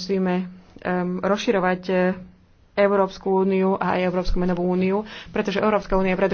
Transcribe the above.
musíme um, rozširovať eh, Európsku úniu a aj Európsku menovú úniu, pretože Európska únia je